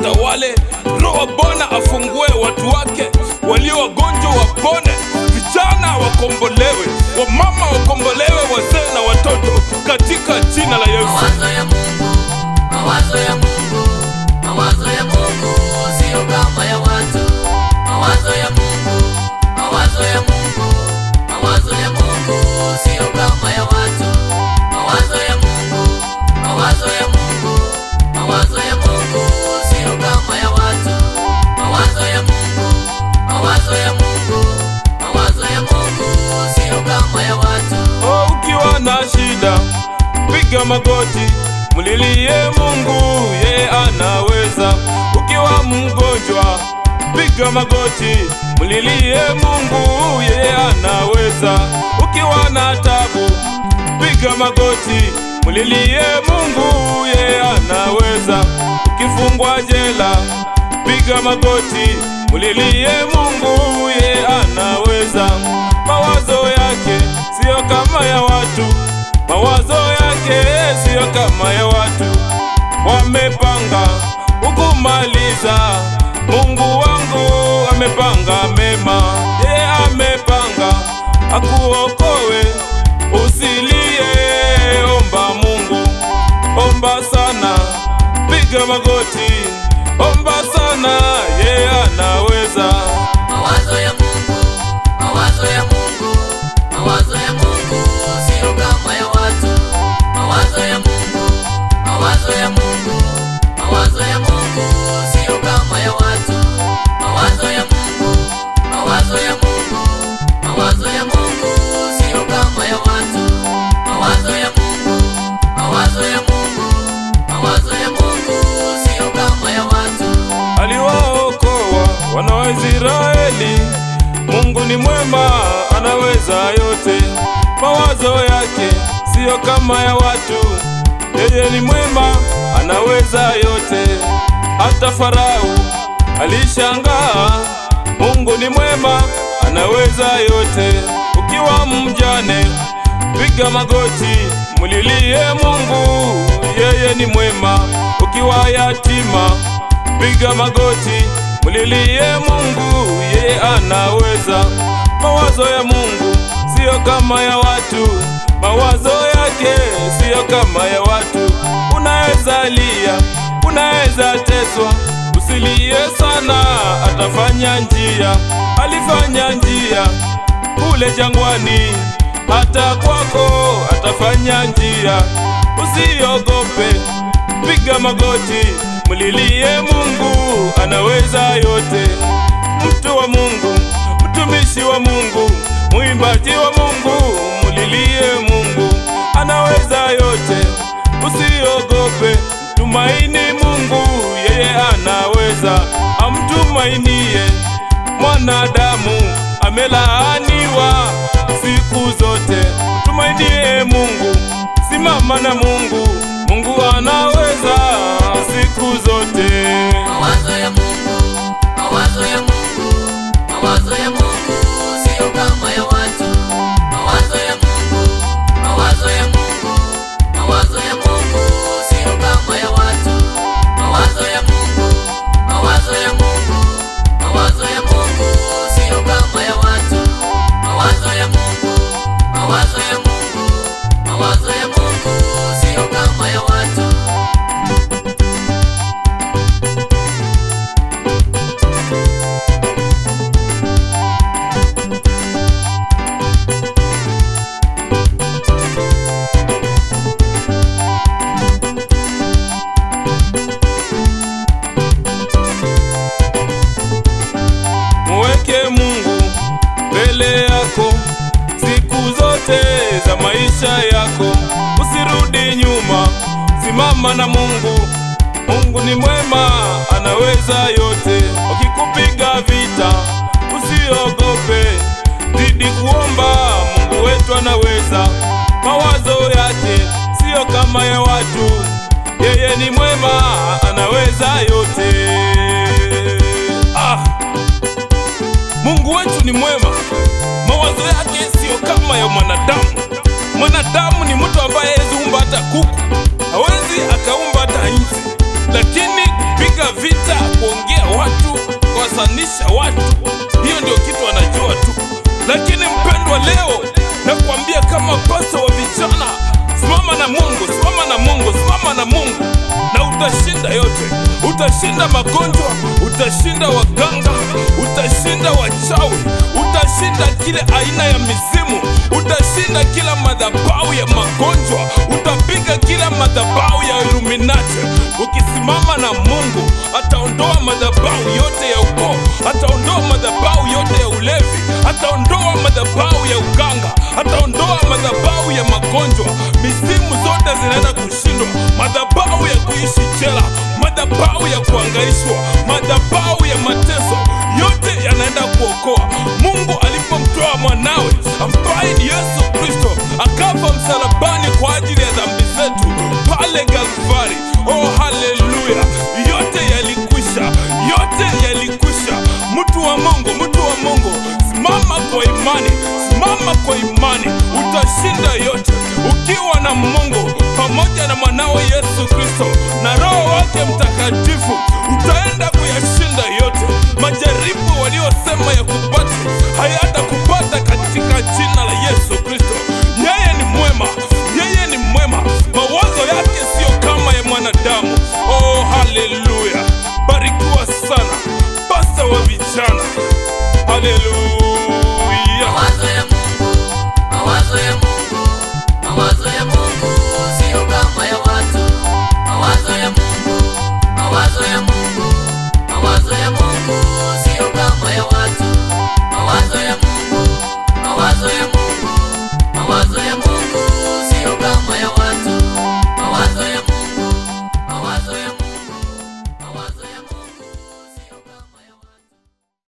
atawale. Roho Bwana afungue watu wake, walio wagonjwa wapone, vijana wakombolewe, wamama wakombolewe, wazee na watoto katika jina la Yesu. Mawazo ya Mungu, mawazo ya Mungu. piga magoti, mlilie Mungu, yeye anaweza. Ukiwa mgonjwa, piga magoti, mlilie Mungu, yeye anaweza. Ukiwa na tabu, piga magoti, mlilie Mungu, yeye anaweza. Ukifungwa jela, piga magoti, mlilie Mungu amepanga mema, ye amepanga akuokowe. Usilie, omba Mungu, omba sana, piga magoti, omba Israeli. Mungu ni mwema, anaweza yote. Mawazo yake siyo kama ya watu. Yeye ni mwema, anaweza yote. Hata Farao alishangaa. Mungu ni mwema, anaweza yote. Ukiwa mjane, piga magoti, mulilie Mungu, yeye ni mwema. Ukiwa yatima, piga magoti mlilie Mungu, ye anaweza. Mawazo ya Mungu siyo kama ya watu, mawazo yake siyo kama ya watu. Unaweza lia, unaweza teswa, usilie sana, atafanya njia. Alifanya njia kule jangwani, hata kwako atafanya njia. Usiogope, piga magoti mlilie Mungu, anaweza yote. Mtu wa Mungu, mtumishi wa Mungu, mwimbaji wa Mungu, mlilie Mungu, anaweza yote. Usiogope, tumaini Mungu, yeye anaweza. Amtumainie mwanadamu, amelaaniwa siku zote. Tumainie Mungu, simama na Mungu Mungu anaweza siku zote. mama na Mungu, Mungu ni mwema, anaweza yote. Ukikupiga vita usiogope, zidi kuomba, Mungu wetu anaweza. Mawazo yake siyo kama ya watu, yeye ni mwema, anaweza yote. Ah, Mungu wetu ni mwema, mawazo yake siyo kama ya mwanadamu. Mwanadamu ni mtu ambaye zumba hata kuku. Mungu akaumba taifa, lakini piga vita, kuongea watu, kuwasanisha watu, hiyo ndio kitu anajua tu. Lakini mpendwa, leo nakwambia kama pasa wa vijana, simama na Mungu, simama na Mungu, simama na Mungu na utashinda yote. Utashinda magonjwa, utashinda waganga, utashinda wachawi, utashinda kile aina ya mizimu utashinda kila madhabau ya magonjwa, utapiga kila madhabau ya Iluminati. Ukisimama na Mungu, ataondoa madhabau yote ya ukoo, ataondoa madhabau yote ya ulevi, ataondoa madhabau ya uganga, ataondoa madhabau ya magonjwa. Misimu zote zinaenda kushindwa, madhabau ya kuishi jela, madhabau ya kuangaishwa, madhabau ya mateso yote yanaenda kuokoa. Mungu alipomtoa mwanawe ambaye ni Yesu Kristo akafa msalabani kwa ajili ya dhambi zetu pale Galvari. Oh, haleluya! Yote yalikwisha, yote yalikwisha. Mtu wa Mungu, mtu wa Mungu, simama kwa imani, simama kwa imani, utashinda yote ukiwa na Mungu pamoja na mwanao Yesu Kristo na Roho wake Mtakatifu utaenda kuyashinda yote. Majaribu waliosema ya kupata hayatakupata katika jina la Yesu Kristo. Yeye ni mwema, yeye ni mwema, mawazo yake siyo kama ya mwanadamu. Oh, haleluya! Barikiwa sana, pasta wa vijana. Haleluya.